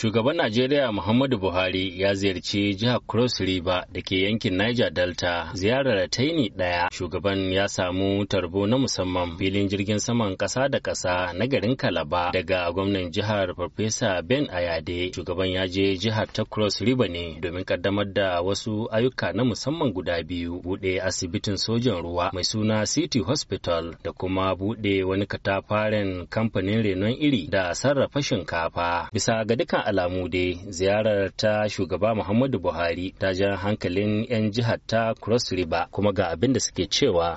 Shugaban Najeriya Muhammadu Buhari ya ziyarci jihar Cross River da ke yankin Niger Delta ziyarar taini ɗaya. Shugaban ya samu tarbo na musamman filin jirgin saman ƙasa da ƙasa na garin Kalaba daga gwamnan jihar Farfesa Ben Ayade. Shugaban ya je jihar ta Cross River ne domin ƙaddamar da wasu ayyuka na musamman guda biyu, buɗe asibitin sojan ruwa mai suna City Hospital da kuma buɗe wani katafaren kamfanin renon iri da sarrafa shinkafa. Bisa ga dukkan alamu dai ziyarar ta shugaba Muhammadu Buhari ta ja hankalin 'yan jihar ta Cross River kuma ga abin da suke cewa.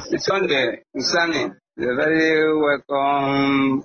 The very welcome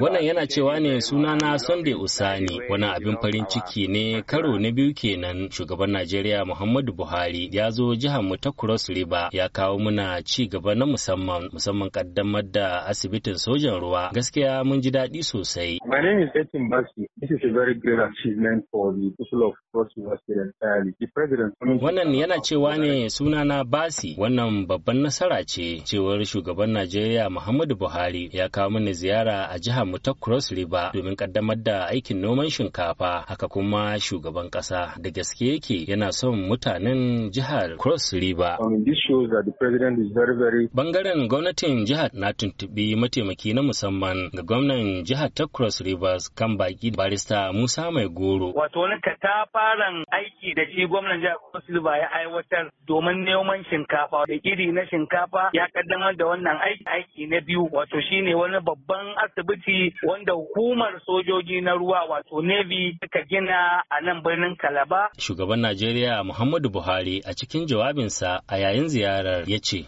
Wannan yana cewa ne sunana Sunday Usani, wani abin farin ciki ne karo na biyu kenan shugaban Najeriya Muhammadu Buhari ya zo jihar mu ta Cross River ya kawo muna ci gaba na musamman musamman kaddamar da asibitin sojan ruwa. Gaskiya mun ji daɗi sosai. My name is Etin Basi. This is a very great achievement for the people of Cross River State entirely. The president. Wannan yana cewa ne sunana Basi. Wannan babban nasara ce cewar shugaban Najeriya Najeriya Muhammadu Buhari ya kawo mini ziyara a jihar mu ta Cross River domin kaddamar da aikin noman shinkafa. Haka kuma shugaban kasa da gaske yake yana son mutanen jihar Cross River. Bangaren gwamnatin jihar na tuntubi mataimaki na musamman ga gwamnan jihar ta Cross Rivers kan baki barista Musa Mai Goro. Wato wani fara aiki da shi gwamnan jihar Cross River ya aiwatar domin neman shinkafa da iri na shinkafa ya kaddamar da wannan aiki yaki na biyu wato shine wani babban asibiti wanda hukumar sojoji na ruwa wato navy suka gina a nan birnin kalaba shugaban najeriya muhammadu buhari a cikin jawabinsa a yayin ziyarar ya ce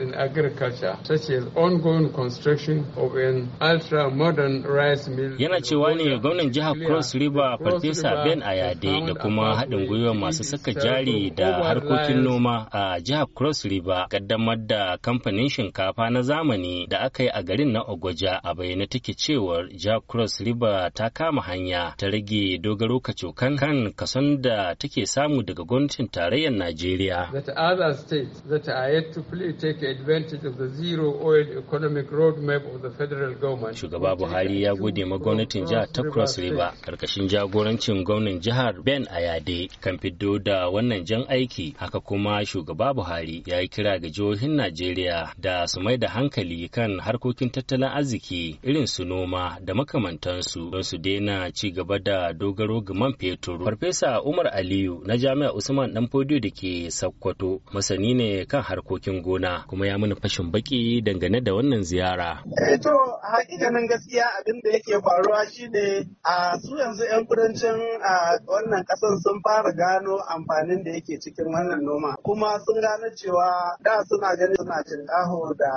in agriculture such as ongoing construction of an ultra modern rice mill yana cewa ne gwamnan jihar cross river farfesa ben ayade da kuma haɗin gwiwa masu saka jari da harkokin noma a jihar cross river kaddamar samar da kamfanin shinkafa na zamani da aka yi a garin na Ogoja a bayyana take cewar Ja Cross River ta kama hanya ta rage dogaro kacokan kan kason da take samu daga gwamnatin tarayyar Najeriya. That other states that are yet the zero oil economic roadmap of the federal government. Shugaba Buhari ya gode ma gwamnatin jihar ta Cross River karkashin jagorancin gwamnan jihar Ben Ayade kan fiddo da wannan jan aiki haka kuma shugaba Buhari ya yi kira ga jihohi jihohin Najeriya da su mai da hankali kan harkokin tattalin arziki irin su noma da makamantansu don su daina ci gaba da dogaro ga man fetur. Farfesa Umar Aliyu na Jami'a Usman dan Danfodiyo da ke Sokoto masani ne kan harkokin gona kuma ya mana fashin baki dangane da wannan ziyara. Eh, to hakikanin gaskiya abin da yake faruwa shine a su yanzu 'yan kudancin a wannan kasan sun fara gano amfanin da yake cikin wannan noma kuma sun gane cewa da suna suna ganin suna tinkaho da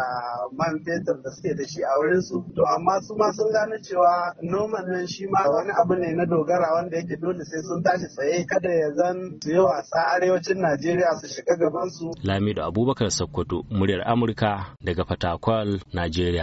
man fetur da suke da shi a wurin su to amma su ma sun gane cewa noman nan shi ma wani abu ne na dogara wanda yake dole sai sun tashi tsaye kada ya zan su yi wasa arewacin Najeriya su shiga gaban su Lamido Abubakar Sokoto muryar Amurka daga Fatakwal Najeriya